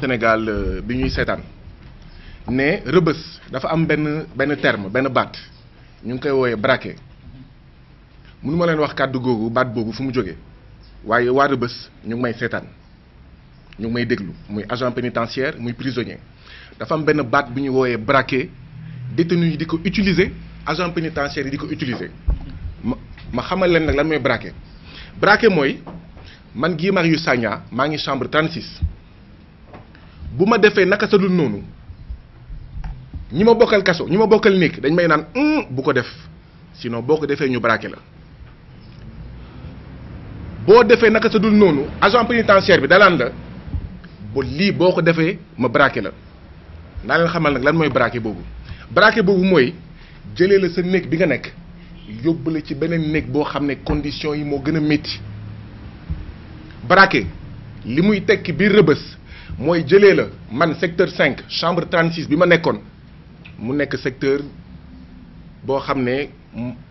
Sénégal euh, bi ñuy seetaan ne rëbës dafa am ben ben terme ben bat. ñu ngi koy woyé braqué mënu ma leen wax kaddu googu bat boobu fu mu jógee waaye waa rëbës ñu ngi may sétane ñu ngi may déglu muy agent pénitentiaire muy prisonnier dafa am ben bat bu ñuy braqué détenu yi di utiliser agent pénitentiaire yi di utiliser ma xamal leen nak lan moy braqué braqué moy man Guy Marius Sagna ma ngi chambre 36 buma defé naka sa dul noonu ñi ma bokkal kaso ñi ma dañ may naan hum, bu ko def sino boko defé ñu braqué la bo defé naka sa dul noonu agent pénitentiaire bi dalaan la bo li boko defé ma braqué la naa leen xamal nak lan moy braqué bobu braqué bobu moy jëlee la sa nek bi nga nek yobul ci benen nek bo xamné ne condition yi mo gëna metti métti braqué li tekki biir rëbës je suis la man secteur 5 chambre 36 je suis mu nekk secteur bo xamné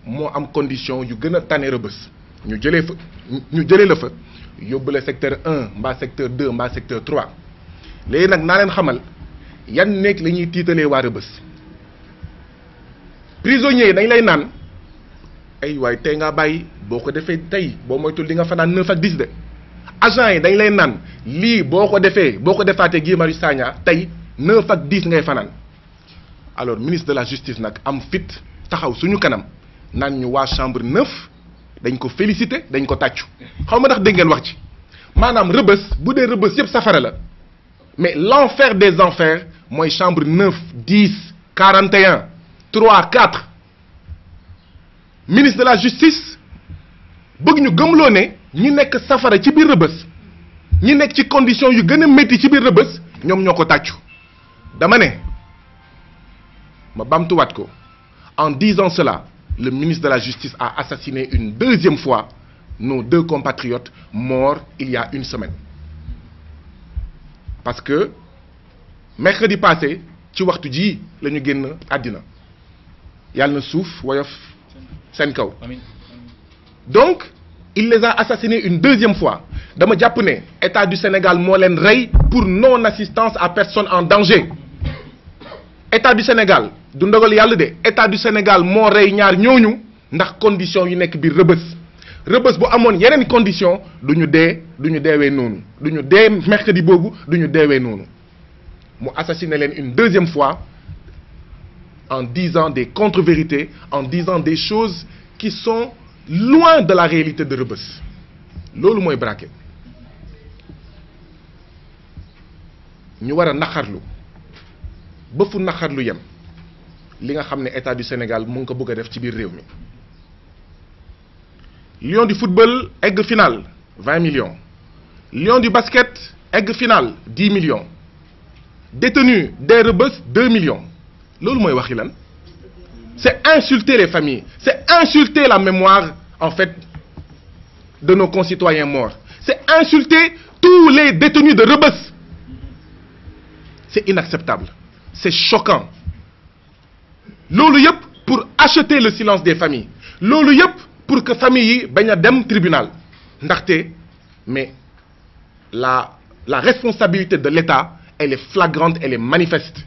mo am condition yu gëna a tane ñu jëlee ñu la secteur 1 mba secteur 2 mba secteur 3 léegi nak na leen xamal yan nekk la wa rebeus prisonnier dañ lay naan ay way tay 9 ak 10 de agent yi dañ lay nan li boko défé boko défaté gui Marie Sagna tay 9 ak 10 ngay fanan alors ministre de la justice nak am fit taxaw suñu kanam nan ñu wa chambre 9 dañ ko féliciter dañ ko tatchu xawma tax dengel wax ci manam rebeus bu dé rebeus yépp safara la mais l'enfer des enfers moy chambre 9 10 41 3 4 ministre de la justice bëgg ñu gëmlo né nous sommes safara ci biir rebeus ñi nek ci condition yu gëna metti ci biir rebeus ñom dama ma ko en disant cela le ministre de la justice a assassiné une deuxième fois nos deux compatriotes morts il y a une semaine parce que mercredi passé ci waxtu ji lañu que génn àddina yàlla na suuf woyof seen kaw donc il les a assassinés une deuxième fois Dans le Japon, l'état du Sénégal moo leen rey pour non assistance à personne en danger L'état du Sénégal du ndogal yàlla de état du Sénégal moo rey ñaar ñooñu ndax condition yu nek biir rëbës rëbës bu amone yenen condition duñu dé duñu déwé nonu. Duñu dé mercredi bobu duñu déwé nonu. mu assassiné len une deuxième fois en disant des contre-vérités en disant des choses qui sont loin de la réalité de Rebus. C'est ce que braqué. Nous devons nakarlu. Si nous nakarlu yam, ce que vous l'État du Sénégal peut faire dans le pays. Lyon du football, égale finale, 20 millions. lion Lyon du basket, égale finale, 10 millions. Détenu des Rebus, 2 millions. C'est ce que je c'est insulter les familles, c'est insulter la mémoire, en fait, de nos concitoyens morts. C'est insulter tous les détenus de Rebus. C'est inacceptable. C'est choquant. Lolu pour acheter le silence des familles. Lolu pour que familles baña le tribunal. mais la la responsabilité de l'État, elle est flagrante, elle est manifeste.